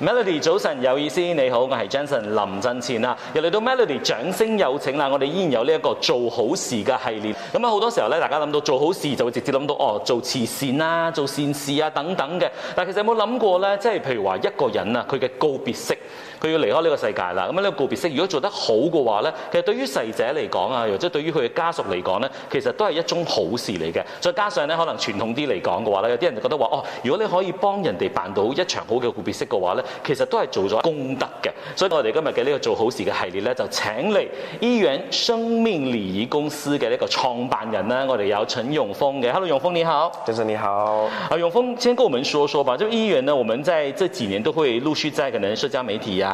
Melody，早晨有意思，你好，我係 Jensen 林振前啦，又嚟到 Melody 掌聲有請啦，我哋依然有呢一個做好事嘅系列，咁啊好多時候咧，大家諗到做好事就會直接諗到哦，做慈善啊，做善事啊等等嘅，但其實有冇諗過咧，即係譬如話一個人啊，佢嘅告別式。佢要離開呢個世界啦，咁呢個告別式如果做得好嘅話咧，其實對於逝者嚟講啊，亦即係對於佢嘅家屬嚟講咧，其實都係一種好事嚟嘅。再加上咧，可能傳統啲嚟講嘅話咧，有啲人就覺得話哦，如果你可以幫人哋辦到一場好嘅告別式嘅話咧，其實都係做咗功德嘅。所以我哋今日嘅呢個做好事嘅系列咧，就請嚟一圓生命禮儀公司嘅呢個創辦人啦。我哋有陳勇豐嘅，Hello，勇豐，你好，先生你好。啊，勇豐，先跟我們說說吧。就一圓呢，我們在這幾年都會陸續在可能社交媒體呀、啊。